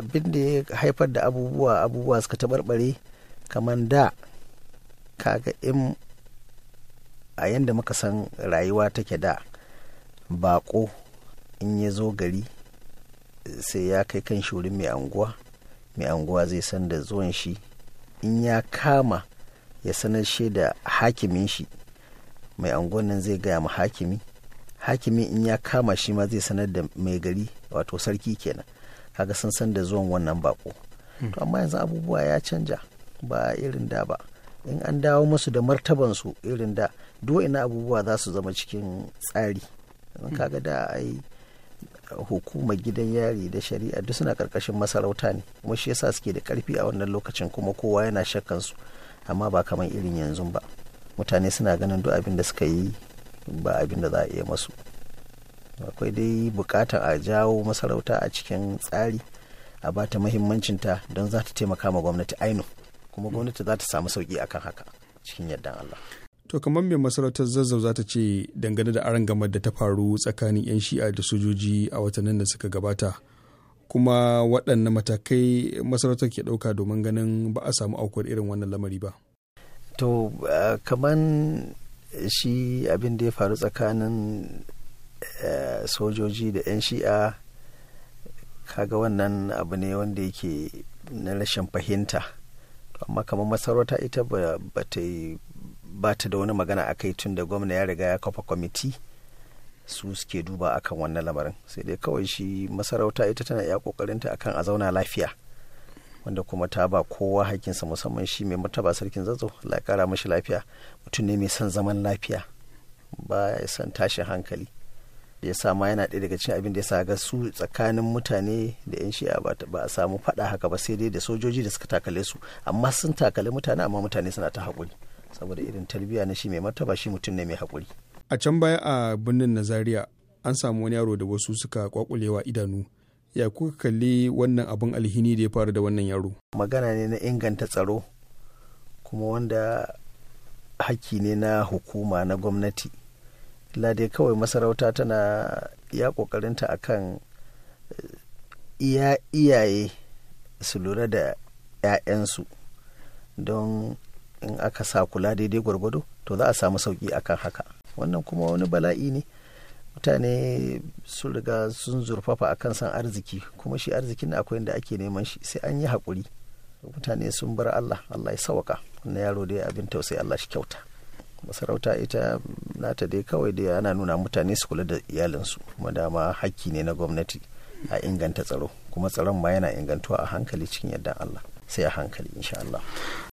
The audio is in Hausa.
abin da ya haifar da abubuwa abubuwa suka taɓarɓare kamar da kaga in a yadda muka san rayuwa take da bako in ya zo gari sai ya kai kan shurin mai anguwa mai anguwa zai san da zuwan shi in ya kama ya sanar shi da hakimin shi mai anguwan nan zai gaya ma hakimi hakimi in ya kama shi ma zai sanar da mai gari wato sarki kenan kaga sun san da zuwan wannan bako to amma yanzu abubuwa ya canja ba irin da ba in an dawo musu da martabansu irin da ina abubuwa za su zama cikin tsari kaga da ai hukumar gidan yari da shari'a duk suna karkashin masarauta ne kuma shi yasa suke da karfi a wannan lokacin kuma kowa yana shakkan su amma ba kamar irin yanzu ba mutane suna ganin duk abin da suka yi ba abin da za a iya masu akwai dai bukatar a jawo masarauta a cikin tsari a ba ta mahimmancinta don za ta taimaka ma gwamnati ainu kuma gwamnati za ta samu sauki kan haka cikin yardan Allah. To kamar mai masarautar zazzau za ta ce dangane da aron gamar da ta faru tsakanin 'yan shi'a da sojoji a watannin da suka gabata kuma waɗanne matakai masarautar ke ɗauka domin ganin ba a samu aukuwar irin wannan lamari ba. To eh, kamar shi abin da ya faru tsakanin Eh, sojoji da 'yan shi'a kaga wannan abu ne wanda yake na rashin fahimta amma kamar masarauta ita ba ta ba ta da wani magana a kai tun da gwamna ya riga ya kafa kwamiti su suke duba akan wannan lamarin sai dai kawai shi masarauta ita tana iya kokarinta akan a zauna lafiya wanda kuma ta ba kowa hakinsa musamman shi mai mataba sarkin zazzau la kara mashi lafiya mutum ne mai son zaman lafiya ba ya son tashin hankali ya sa yana ɗaya daga cikin abin da ya sa ga su tsakanin mutane da 'yan shi'a ba a samu faɗa haka ba sai dai da sojoji da suka takale su amma sun takale mutane amma mutane suna ta haƙuri saboda irin tarbiyya na shi mai martaba shi mutum ne mai haƙuri a can baya a birnin zaria an samu wani yaro da wasu suka kwakulewa idanu ya kuka kalli wannan abin alhini da ya faru da wannan yaro magana ne na inganta tsaro kuma wanda hakki ne na hukuma na gwamnati ladai dai kawai masarauta tana ya kokarinta akan eh, iya iyaye su lura da 'ya'yansu don in aka sa kula daidai gwargwado to za a samu sauki akan haka wannan kuma wani bala'i ne mutane sun riga sun zurfafa a kan san arziki kuma shi arzikin na akwai inda ake neman shi sai an yi haƙuri mutane sun bar allah allah ya sawaka wannan yaro da abin tausayi allah shi kyauta masarauta ita nata dai kawai dai ana nuna mutane su kula da iyalinsu kuma dama hakki ne na gwamnati a inganta tsaro kuma tsaron ma yana ingantuwa a hankali cikin yadda Allah sai a hankali insha Allah